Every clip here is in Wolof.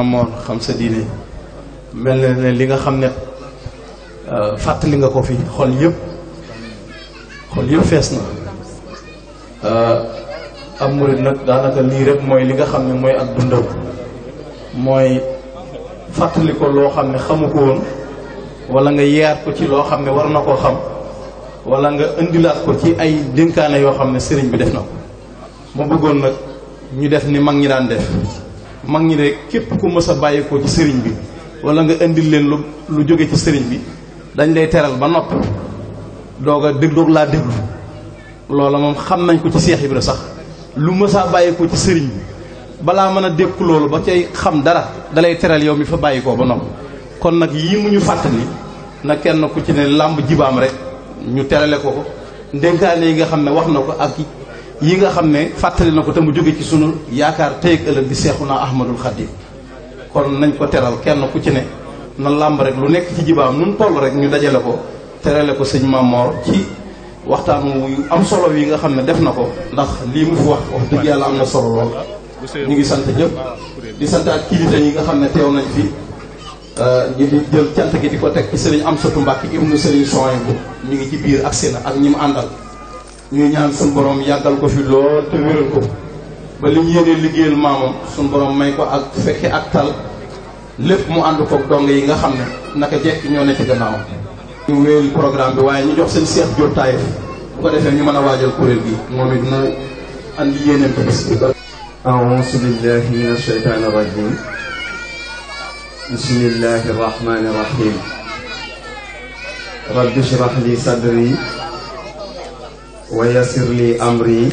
Mamor xam sa diine mel na ne li nga xam ne euh, fàttali nga ko fi xol yépp xol yëpp fees na euh, am murit nag daanaka lii rek mooy li nga xam ne mooy ak dundam mooy fàttali ko loo xam ne xamu ko woon wala nga yeer ko ci loo xam ne war na koo xam wala nga indilaat ko ci ay dénkaane yoo xam ne sëriñ bi def na ko ma bëggoon nag ñu def ni mag ñi daan def mag ñi de képp ku mës a bàyyikoo ci sëriñ bi wala nga indil leen lu lu jóge ci sëriñ bi dañ lay teral ba noppi doog a laa déglu loola moom xam nañ ko ci Seex Ibra sax lu mës a bàyyikoo ci sëriñ bi balaa mën a dékku loolu ba cay xam dara dalay teral yow mi fa bàyyikoo ba noppi kon nag yii mu ñu fàttali na kenn ku ci ne làmb jibaam rek ñu terale ko ko ndénkaane yi nga xam ne wax na ko ak yi nga xam ne fàttali na ko te mu jóge ci sunu yaakaar tey ak ëllëg di Seexuna Ahmadul Xadim kon nañ ko teral kenn ku ci ne na làmb rek lu nekk ci jibaam nun toll rek ñu dajale ko terale ko sëñ Mamor ci waxtaan wu am solo yi nga xam ne def na ko ndax lii mu fi wax wax dëgg yàlla am na solo lool ñu ngi sant ñëpp di sant ak kilifa yi nga xam ne teew nañ fi ñu euh, di jël cant gi di ko teg ci am sëriñ Amsatu Mbàkke ibnu sëriñ Sohaybou ñu ngi ci biir agsi na ak ñi mu àndal ñuy ñaan suñu borom yàggal ko fi lool te wéral ko ba li ñu yéenee liggéeyal maamam suñu borom may ko ak fekke ak tal lépp mu ànd koog dong yi nga xam ne naka jekk ñoo ne ci gannaawam. ñu wéyal programme bi waaye ñu jox seen seex jot taayif bu ko defee ñu mën a waajal kuréel gi moom it mu andi yéeneen ko bis bi. أعوذ بالله من الشيطان الرجيم بسم الله الرحمن الرحيم رب اشرح لي صدري wa yassir li amri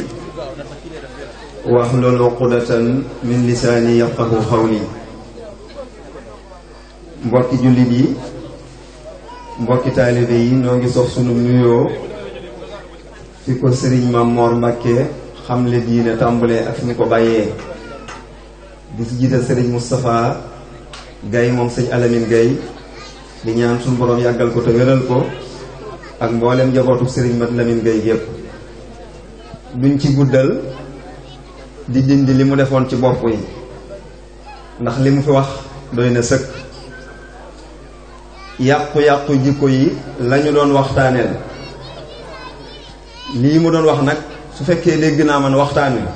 wahlul uqdatan min lisaani yafqahu qawli mbokki jullit yi mbokki taalibe yi noo ngi sox sunu nuyoo fi ko sëriñ Mame Mor Mbacke xamle diine tàmbalee ak fi ko bàyyee di ci jiital sëriñ Moustapha Gaye moom sëñ Alamine Gaye di ñaan suñu borom yàggal ko te wéral ko ak mboolem njabootu sëriñ Mat Lamine Gaye gépp duñ ci guddal di dindi li mu defoon ci bopp yi ndax li mu fi wax doy na sëkk yàqu-yàqu jikko yi lañu doon waxtaaneel lii mu doon wax nag su fekkee dégg naa man waxtaan wi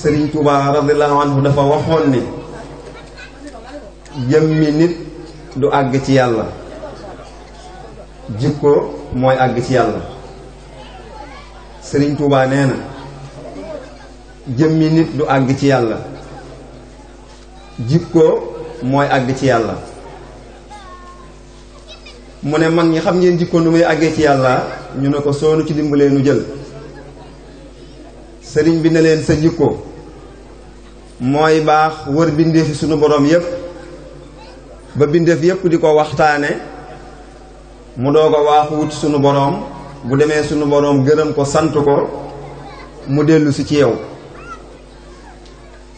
sëriñ Tuubaa radiyallahu anhu dafa waxoon ni jëmmi nit du àgg ci yàlla jikko mooy àgg ci yàlla sëriñ Touba nee na jëmmi nit du àgg ci yàlla jikko mooy àgg ci yàlla mu ne mag ñi xam ngeen jikko nu muy àggee ci yàlla ñu ne ko soonu ci dimbalee nu jël sëriñ bi ne leen sa jikko mooy baax wër bindeefi sunu boroom yépp ba bindeef yépp di ko waxtaane mu doog a waaxu wut sunu boroom bu demee sunu boroom gërëm ko sant ko mu dellusi ci yow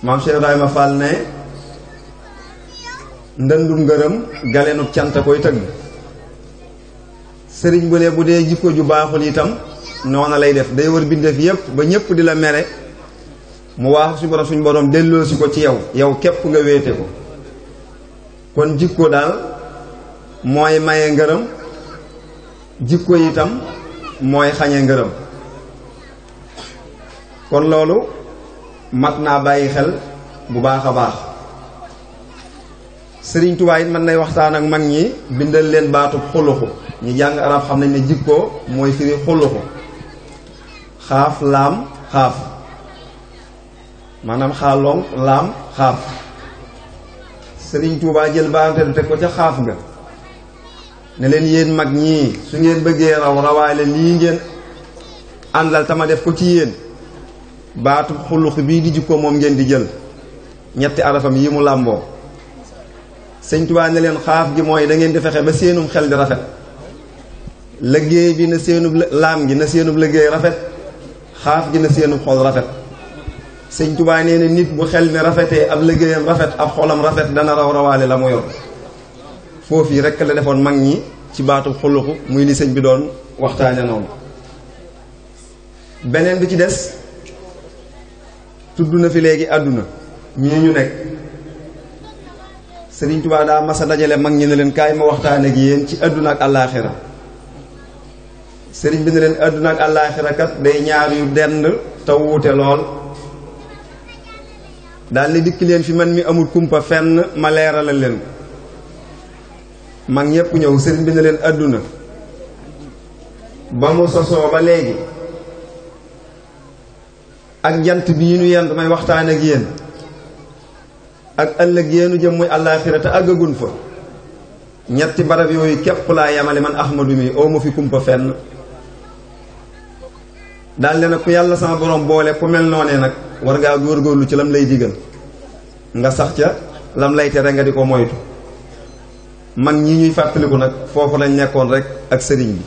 maam Cheikh Ibrahima Fall ne ndëndum ngërëm galenub cant koy tëgg sëriñ bu ne bu dee jikko ju baaxul itam noona lay def day wër bindeef yépp ba ñépp di la mere mu waax suñu borom suñu delloosi ko ci yaw yow képp nga wéete ko kon jikko daal mooy maye ngërëm jikko itam mooy xañe ngërëm kon loolu mat naa bàyyi xel bu baax a baax Sëriñ Tuubaa it mën nay waxtaan ak mag ñi bindal leen baatu xuluxu ñu jàng arab xam nañ ne jikkoo mooy firi xuluxu xaaf laam xaaf maanaam xaaloŋ laam xaaf Sëriñ Tuubaa jël baante teg ko ca xaaf nga ne leen yéen mag ñii su ngeen bëggee raw rawaale lii ngeen àndal tama def ko ci yéen baatu xulux bii di jikko moom ngeen di jël ñetti arafam yi mu làmboo sëñ Tuubaa ne leen xaaf gi mooy da ngeen di fexe ba seenum xel di rafet liggéey bi na seenub laam gi na seenub liggéey rafet xaaf gi na seenub xol rafet sëñ Tuubaa nee na nit bu xel mi rafetee ab liggéeyam rafet ab xolam rafet dana raw rawaale la mu foofu yi rek la defoon mag ñi ci baatu xuluxu muy li sëñ bi doon waxtaane noonu beneen bi ci des tudd na fi léegi àdduna mii ñu nekk sëriñ Tuubaa daa masa dajale mag ñi ne leen kaay ma waxtaane ak yéen ci àdduna ak àllaaxira sëriñ bi ne leen àdduna ak àllaaxira day ñaar yu dend te wuute lool daal ni dikk leen fi man mi amul kumpa fenn ma leeralal leen mag ñëpp ñëw sëriñ bi ne leen àdduna ba mu sosoo ba léegi ak jant bi ñu yenn damay waxtaan ak yéen ak ëllëg yéenu jëm muy àllaaxira te fa ñetti barab yooyu képp laa yamale man ahmadu mi oo ma fi kumpa fenn daldi nag ku yàlla sama borom boole ku mel noonee nag war ngaa góorgóorlu ci lam lay digal nga sax ca lam lay tere nga di ko moytu mag ñi ñuy fàttaliku nag foofu lañ nekkoon rek ak sëriñ bi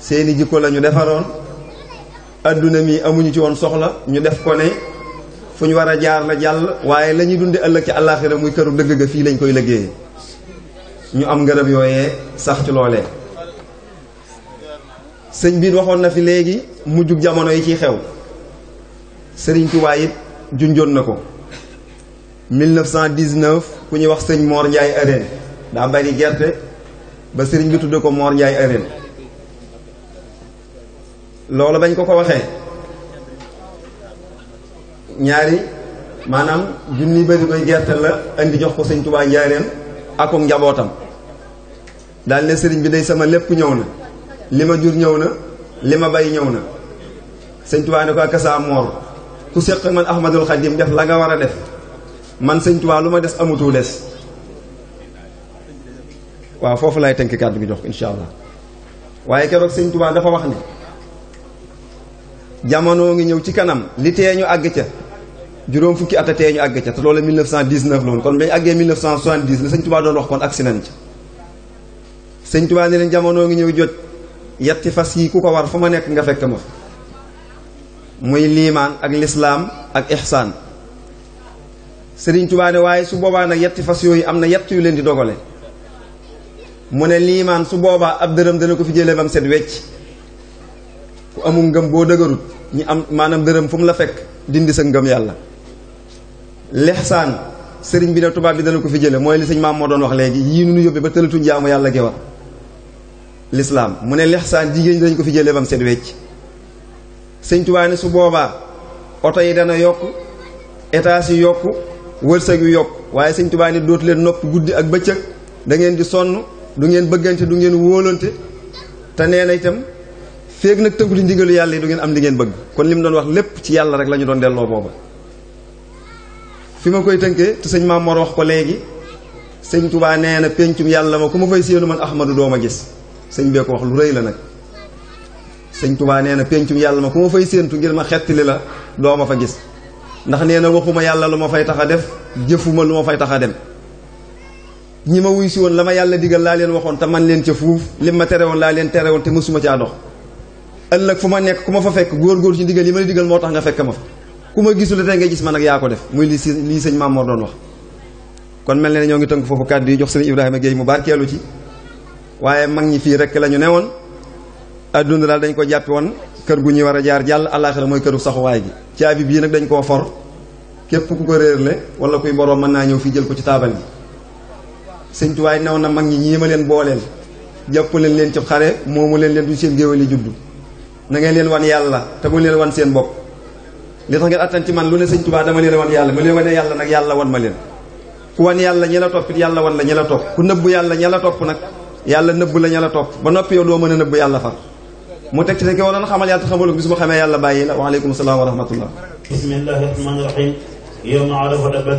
seeni jikko la ñu defaroon adduna mi amuñu ci woon soxla ñu def ko ne fu ñu war a jaar la jàll waaye la dundi dunde ëllëg ci àllaaxira muy këru dëgg ga fii lañu koy liggéeyee ñu am ngërëm yooyee sax ci loolee sëñ bi waxoon na fi léegi mujjug jamono yi ciy xew sëriñ Tuubaa it junjoon na ko 1919 ku ñuy wax sëñ Mor Ndiaye Arène daa bari gerte ba sëriñ bi tudde ko Mor Ndiaye Arène loolu bañ ko ko waxee ñaari maanaam junni bari koy gerte la indi jox ko sëñ Touba Ndiarène akum njabootam daal ne sëriñ bi day sama lépp ñëw na li ma jur ñëw na li ma bay ñëw na sëñ Touba ne ko ak sa moor ku séq man Ahmadul Xadim def la nga war a def man sëñ Touba lu ma des amutu des waaw foofu laay tënk kàddu gi jox ko incha allah waaye keroog sëñ Tuubaa dafa wax ne jamono ngi ñëw ci kanam li tee ñu àgg ca juróom fukki at a tee ñu àgg ca te loolu 1919 la ñu kon bañ àggee 1970 la sëñ Tuubaa doon wax kon agsi nañ ca sëñ Tuubaa ne leen jamono ngi ñëw jot yetti fas yi ku ko war fu ma nekk nga fekk ma muy liimaan ak lislaam ak ihsaan sëriñ Tuubaa ne waaye su boobaa nag yetti fas yooyu am na yett yu leen di dogale mu ne liimaan su boobaa ab dërëm dana ko fi jëlee bam set wecc ku amul ngëm boo dëgërut ñi am maanaam dërëm fu mu la fekk dindi sa ngëm yàlla lexsaan sëriñ bi ne tubaab bi dana ko fi jële mooy li sëñ maam moo doon wax léegi yii nu yóbbee ba tëlatuñ jaamu yàlla gi war mu ne lexsaan jigéen ñi ko fi jëlee bam set wecc sëñ tubaa ne su boobaa oto yi dana yokk étage yi yokk wërsëg yu yokk waaye sëñ tubaa ne dootu leen nopp guddi ak bëccëg da di sonn du ngeen bëggante du ngeen wóolante te nee na itam feeg nag tënku ci ndigalu yàlla yi du ngeen am li ngeen bëgg kon li mu doon wax lépp ci yàlla rek la doon delloo booba. fi ma koy tënkee te sëñ Maam Mor wax ko léegi sëñ Touba nee na pencum yàlla ma ku ma fay séenu man Ahmadu doo ma gis sëñ bee lu rëy la nag. sëñ Touba nee na pencum yàlla ma ku ma fay séentu ngir ma xettali la doo ma fa gis ndax nee na waxuma yàlla lu ma fay tax a def jëfuma lu ma fay tax a dem. ñi ma wuy si woon la ma yàlla digal laa leen waxoon te man leen ca fuuf li ma tere woon laa leen tere woon te mësuma caa dox ëllëg fu ma nekk ku ma fa fekk góor-góor ci ndigal yi ma digal moo tax nga fekk ma fa ku ma gisul tey ngay gis ma nag yaa ko def muy si lii sëñ Maam moo doon wax kon mel na ne ñoo ngi tënk foofu kàddu yi jox sëñ Ibrahima Guèye mu barkeelu ci waaye mag ñi fii rek la ñu newoon adduna daal dañ ko jàppe woon kër gu ñuy war a jaar jàll àllaaxira mooy këru saxuwaay gi caabi bii nag dañ koo for képp ku ko réerle wala kuy boroom mën naa ñëw fii jël ko ci taabal gi sëñ tuwaay naw na mag ñi ñii ma leen booleen jàppale leen ci xare moomu leen leen du seen géwél juddu na ngeen leen wan yàlla te mu leen wan seen bopp li tax ngeen attan ci man lu ne sëñ tubaa dama leen wan yàlla ma leen wane yàlla nag yàlla wan ma leen ku wan yàlla ñi la toppit yàlla wan la ñi la topp ku nëbb yàlla ña la topp nag yàlla nëbb la ña la topp ba noppi yow doo mën a nëbb yàlla far mu teg ci ne ki waroon xamal yàlla te xamalu bis mu la waaleykum salaam wa rahmatullah bismillahi rahmaani ma arafa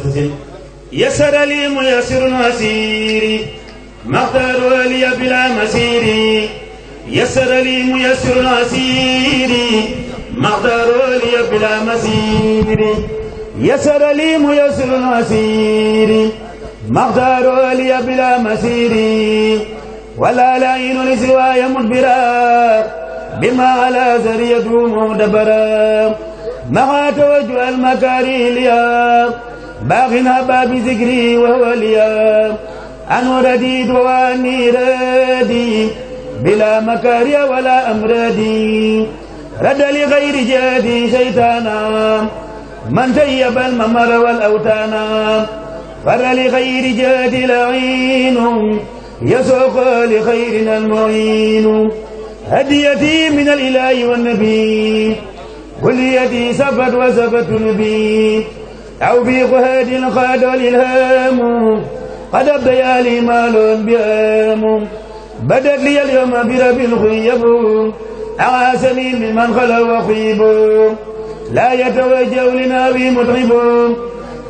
يسر لي ميسر مسيري مقدار لي بلا مسيري يسر لي ميسر مسيري مقدار لي بلا مسيري يسر لي ميسر مسيري مقدار لي بلا مسيري ولا لعين لسواي مدبرا بما على زري يدوم دبرا مع توجه المكاري ليا باغنا باب ذكري وهو اليوم أن رديد وواني ردي بلا مكاري ولا أمردي رد لغير جادي شيطانا من تيب الممر والأوتانا فر لغير جاد لعين يسوق لخيرنا المعين هديتي من الإله والنبي كل يدي سبت وسبت نبي أو بقهاد قاد الإلهام قد أبديا لي مال بهام بدت لي اليوم برب الخيب أعاسني ممن خلا وخيب لا يتوجه لنبي متعب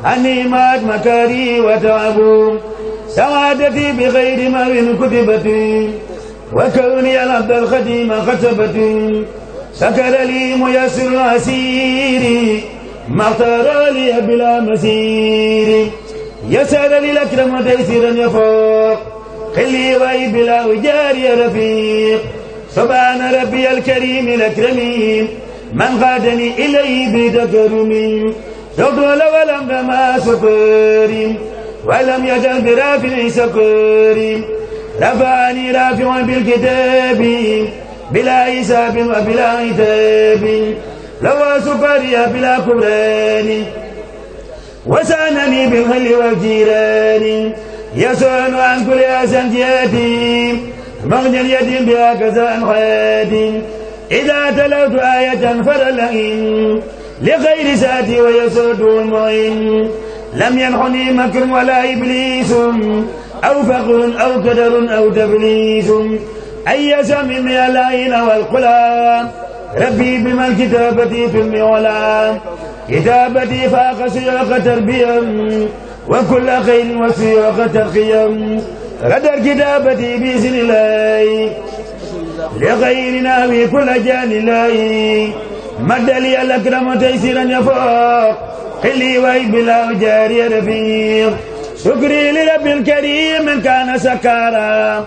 عني مات مكاري وتعب سعادتي بغير ما كتبت وكوني العبد الخديم ختبت سكر لي ميسر عسيري maxtara liya bila masiri yasara lil akram wa taysiran yafuq xilli way bila wijaari ya rafiq subhana rabbi alkarim alakramin man xaadani ilayhi bi takarumi doxtoola walam dama sukari walam yajal bi rafini sakari rafaani rafiun bilkitabi bila hisabin wa bila itabi لوى سكريا بلا كبران وسانني بالهل والجيران يسأل عن كل أسن يتيم مغنى اليتيم بها كزان حياتي إذا تلوت آية فرلئن لغير ذاتي ويسود المعين لم ينحني مكر ولا إبليس أو فقر أو كدر أو تبليس أي سم من العين والقلاب ربي بما الكتابة في المولى كتابتي فاق سياق تربيم وكل خير وسياق ترقيم ردى كتابتي بإذن الله لغيرنا في كل جان الله مد لي الأكرم تيسيرا يفوق قلي ويب لا جاري رفيق شكري لرب الكريم من كان سكارا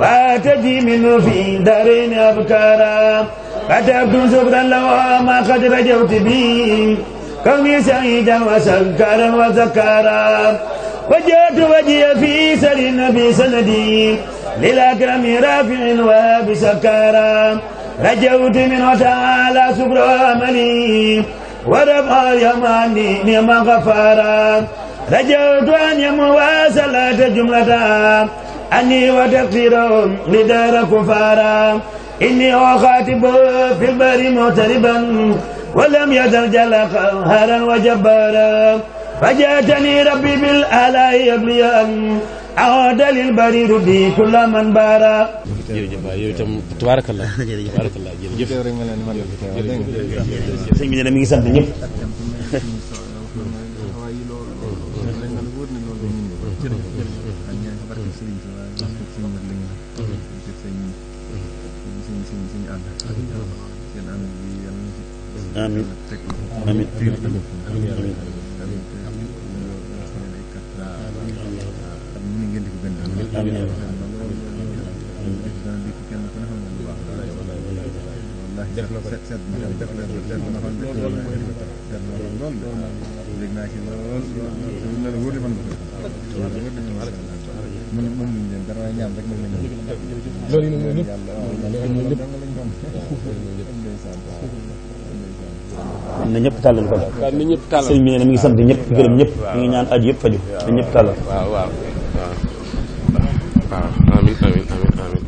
واتجي منه في دارين أبكارا كتبت شكرا له ما قد رجوت به كوني سعيدا وسكارا وذكارا وجهت وجهي في سر النبي سندي للأكرم رافع وبسكارا رجوت منه تعالى صبر عملي ورفع اليماني نعم غفارا رجوت أن يمواصلة جملة أني وتقصيرهم لدار كفارا إني أخاطب في البر مغتربا ولم يزل جل قهرا وجبارا فجاءتني ربي بالآلاء يبليا عاد للبر ردي كل من بارا تبارك الله تبارك الله jërëjëf sëñ bi ne mi ngi sant ñëpp amiin amiin amiin def na ko def na ko def na ko def na ko def na ko def na ko lool dégg naa ci lool loolu la wóor na mën nga ko mën mën nañ leen dara waaye ñaan rek mën nañ leen loolu yëpp na ñëpp tàllal kon sëñ bi nee mi ngi sant ñëpp gërëm ñëpp mi ngi ñaan aj yëpp faju na ñëpp tàllal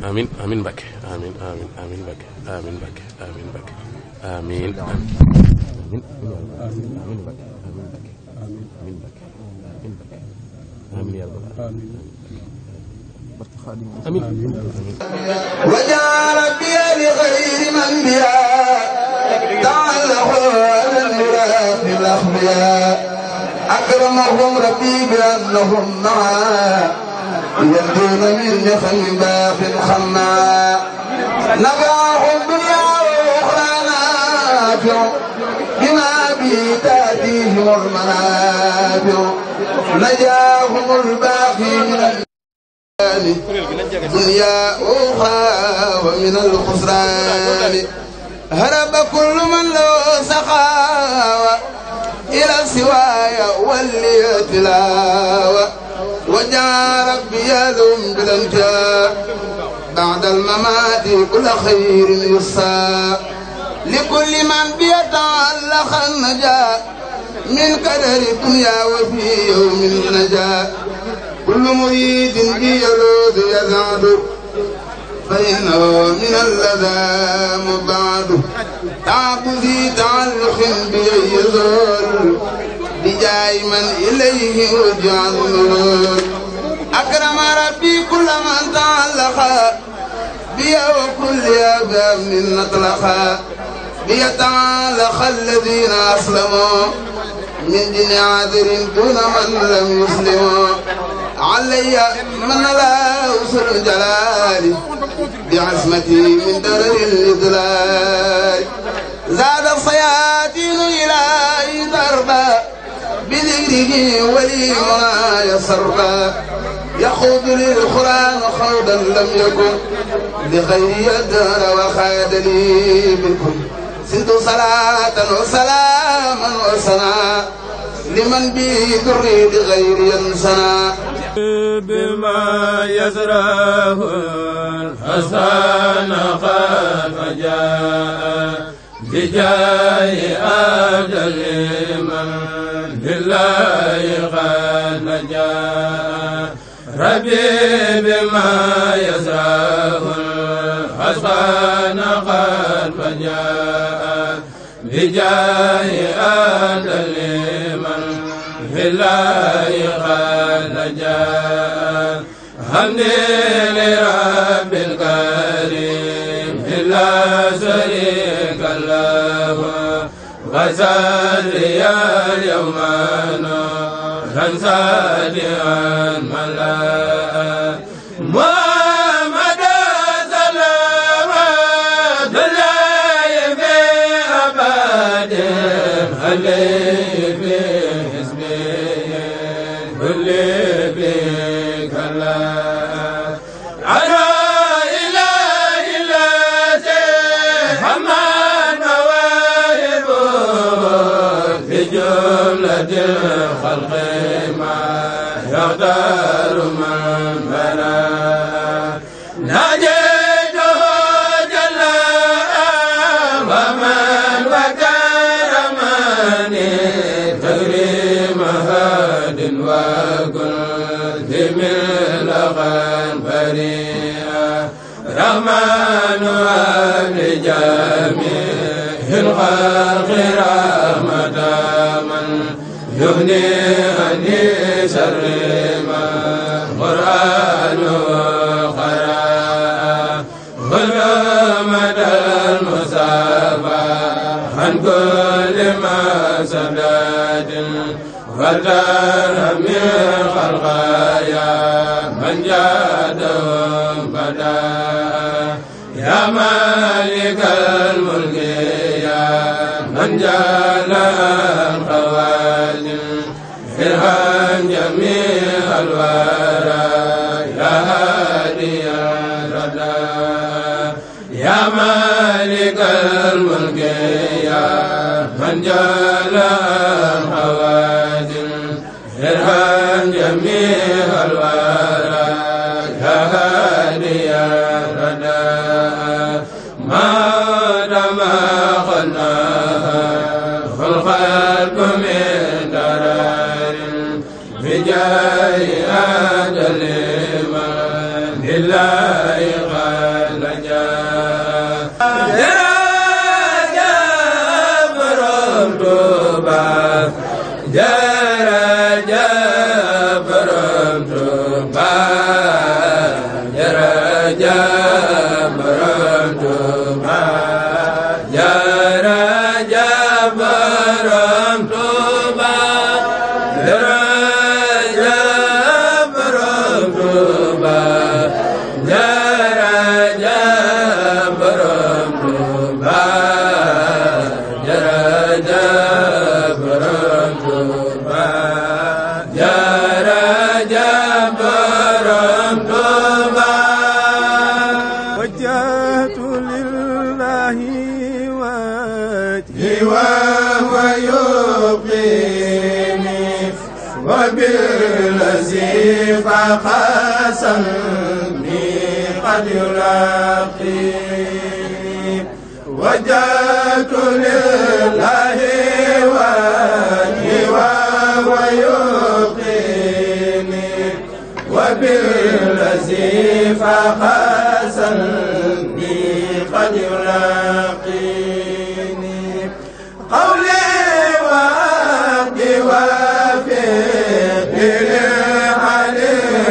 amin amin amin amin amin Mbakke amin amin amin Mbakke amin Mbakke amin Mbakke amin amin amin Mbakke amin Mbakke amin amiin wajaala biya li xayri man biya taallaxu almira bil axbiya akramahum rabbi bi annahum maa yabduuna min nixami baaxin xannaa nafaaxu dunya wa uxraa naafiu bimaa bi taatihim almanaafiu najaahum albaaqi min دنيا أخرى ومن الخسران هرب كل من له سخاوة إلى سواي ولي تلاوة وجاء ربي يذم بالانجاء بعد الممات كل خير يصى لكل من بيتعلق النجاة من كدر الدنيا وفي يوم النجاة كل مريد بيلوذ يزعد فإنه من اللذى مبعد تعب ذي تعلق بأي زول بجاي من إليه وجعل مرور أكرم ربي كل من تعلق بيا وكل أباب من نطلق بيتعالق الذين أسلموا من دين عاذر دون من لم يسلم علي من لا أوصل جلالي بعصمتي من درر الإضلال زاد الصياطين الإلهي ضربا بذكره ولي منايا صربا يخوض للقرآن خوضا لم يكن لغير الدار وخادني منكم زدوا صلاة وسلاما وسنا لمن بدري بغير ينسنا بما يزرعه الحسن قد جاء بجاه أجل من لله قد نجا ربي بما يزرعه الحسن قد جاء بجاه آتى لمن في الله قد جاء حمدي لرب الكريم لا شريك له وسلي اليوم نورا صادقا ملأ محمد صلى الله الخلق ما يغدر من بناه الرحمن ولجميع الخلق رحمة من يغني عني شر ما قرآن قراء غلمة المصابة عن كل ما سداد فتر من خلقايا من جاده فداد مالك الملك يا من جعل الخواتم ارحم جميع الورى يا هادي الردى يا مالك الملك يا من جعل yaa يلاقي وجهت لله وجهي وهو يقيني وبالذي فخسني قد يلاقيني قولي وعدي وفقي عن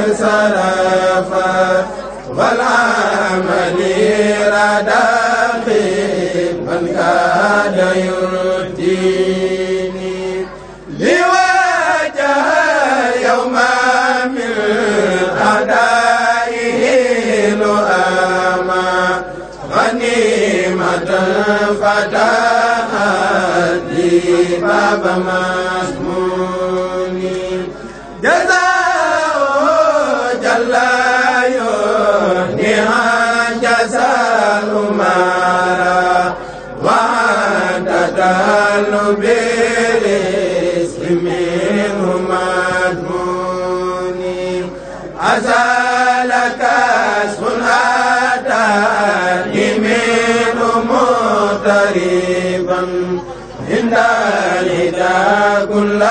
سلفا ولا من راد من كاد يرديني لواجه يوم من أدائه لؤاما غنيمة فتحت لي باب مسجد بالاسم منه مضموني أزالك سناتني منه مضطربا عند لدى كل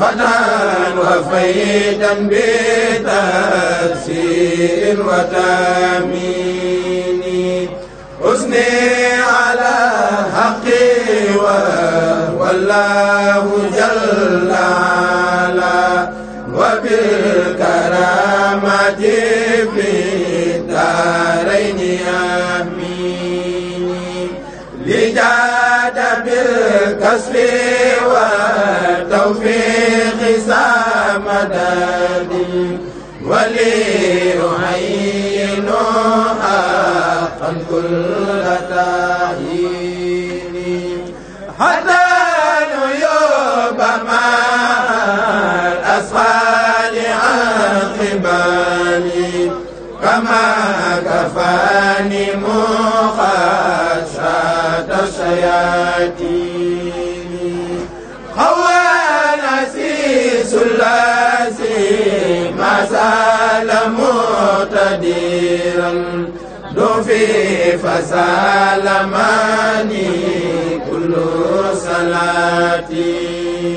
فتان وفيدا بتفسير وتامين حسني على حقي والله جل على وبالكرامة بالكسب والتوفيق سام مدادي ولي أعين حقا كل تعيين حتى نيوب مع الأسفل عن قبالي كما كفاني مخشاة الشياطين وسلمني كل صلاتي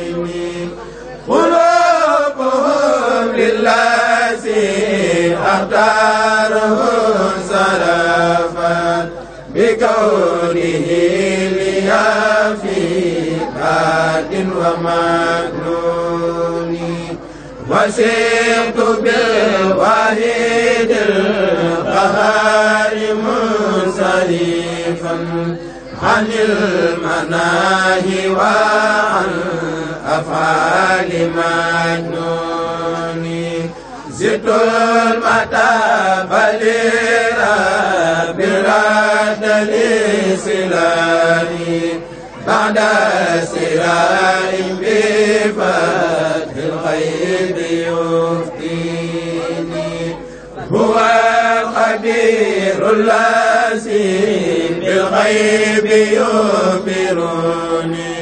قلوبهم للذي أختاره صرفا بكونه لي في باد ومكنون وسرت بالواحد القهار من خليفا عن المناهي وعن أفعال مجنون زدت المتاب لرب رد لسلاني بعد سراء بفتح الخير يفتيني هو الخبير الله الذي بالغيب يخبرني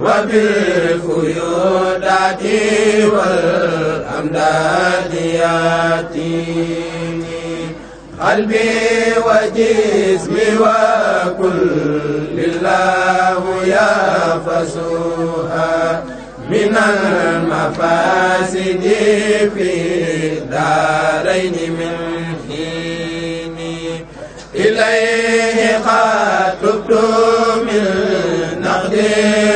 وبالخيوط عدي والأمداد يأتيني قلبي وجسمي وكل الله يفسوها من المفاسد في الدارين من من نقد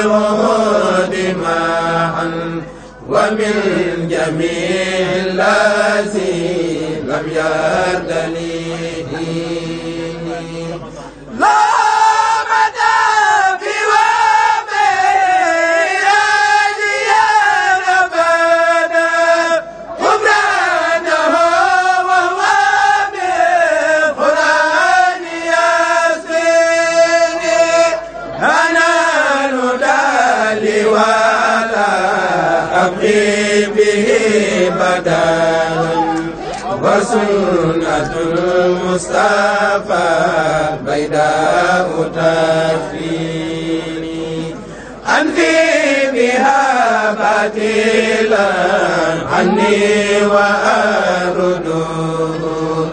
ودماء ومن جميع الذي لم يردني سنة المصطفى بيداء تكفيني أنفي بها باطلا عني وأرده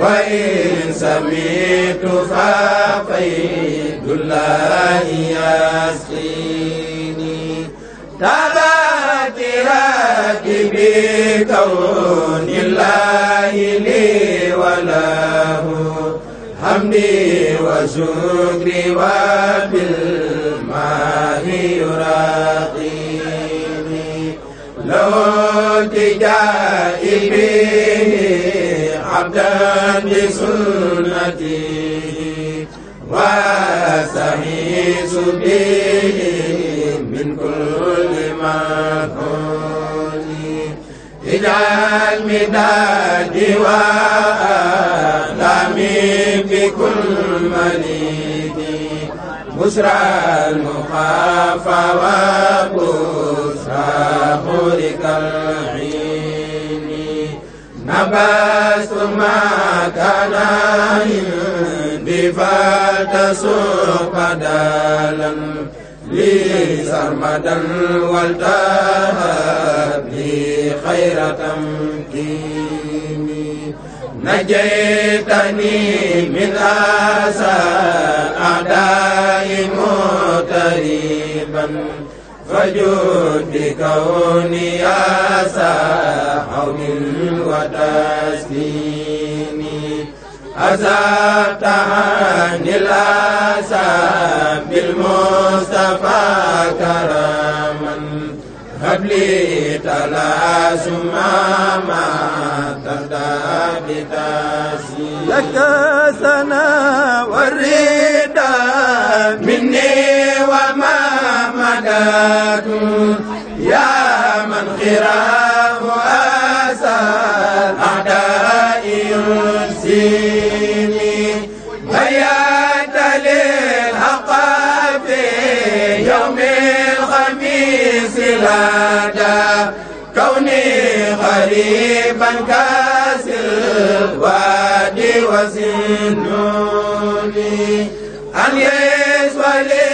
وإن سمعت فقيد الله يسقيني تباكي كون الله لي وله حمدي وشكري وبالماء يراقيني لو التجائي به عبدا بسنتي واستغيث به من كل ما كنت اجعل مدادي وأحلامي بكل منيدي بشرى المخافى وبشرى خلق العين نبست ما كان عندي فلتسوق بدلا لي سرمدا والتهب خير تمكيني نجيتني من أسى أعداء مغتربا فجود كوني أسى حول وتسليمي أزعتني الأسى بالمصطفى كرما هب لي تلا سماما تهدى بتاسي لك سنا والرضا مني وما مداد يا من خيرات لدى كوني غريبا كاسر وادي وسنوني أن يسوى لي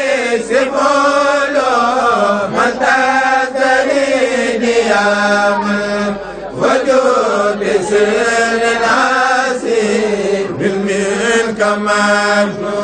سفولو من تاتني دياما وجود سر العاصي بالملك مجنون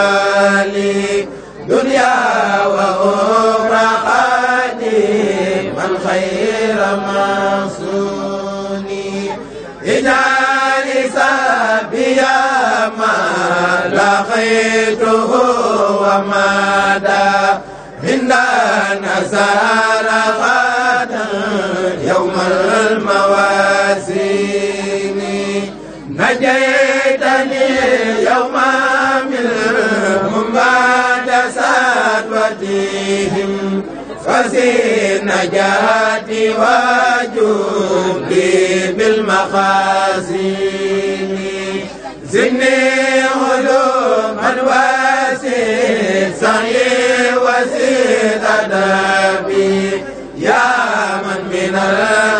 مالي دنيا وأخرى خادما خير مصوني إجعل سبي ما لقيته ومدى من نزار غدا يوم الموازين نجيت وزير نجاتي وجودي بالمخازين زدني علوما وزير سعي وزير أدبي يا من من الأرض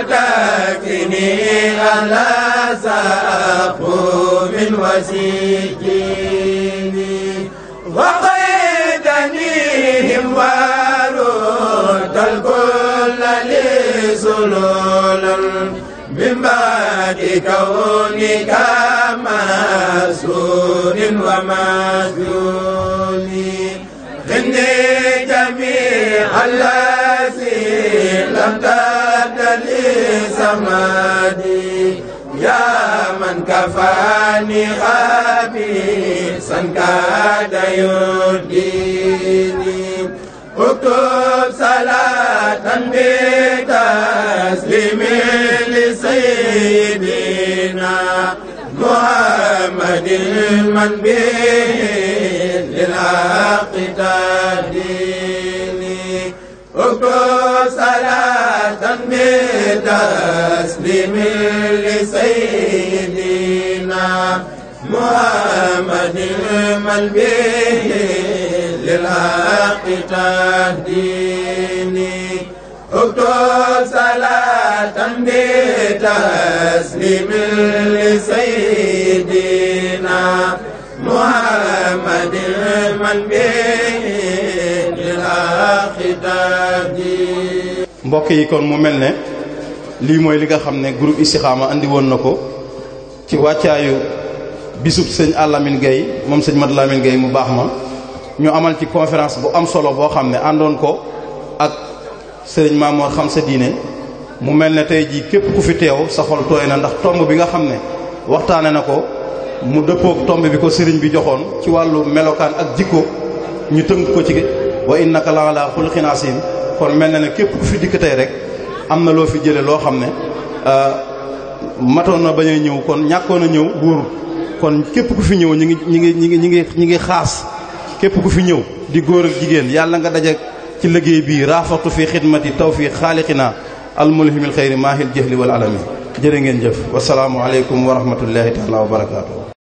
والكافني على سقوم وسجين وقيدني هموال الكل لسلولا من بعد كونك مسؤول ومسجون غني جميع الذي لم تكن صمدي يا من كفاني خبيثا كاد يديني اكتب صلاة بتسليم لسيدنا محمد من به للحق تهدي اكتب صلاة من تسليم لسيدنا محمد من به للحق تهديني اكتب صلاة بتسليم لسيدنا محمد من به mbokk yi kon mu mel ne lii mooy li nga xam ne groupe Istikhama indi woon na ko ci wàccaayu bisub sëñ Alamine Gueye moom sëñ Mad Lamine Gueye mu baax ma ñu amal ci conférence bu am solo boo xam ne àndoon ko ak sëriñ Maamoor xam sa diine mu mel ne tey jii képp ku fi teew sa xol tooy na ndax tomb bi nga xam ne waxtaane na ko mu dëppook tomb bi ko sëriñ bi joxoon ci wàllu melokaan ak jikko ñu tënk ko ci wa innaka la ala xuluqin asim kon mel na ne képp ku fi dikk tey rek am na loo fi jële loo xam ne euh, matoon na bañ a ñëw kon ñàkkoon a ñëw wóorul kon képp ku fi ñëw ñi ngi ñi ngi ñi ngi ñi ngi ñi ngi xaas képp ku fi ñëw di góor ak jigéen yàlla nga daje ci liggéey bii raafatu fi xidmati tawfiq xaaliqina almulhimil xayri maahil jëhli wal alami jërë ngeen jëf wasalaamu aleykum wa rahmatullahi taala wa barakaatu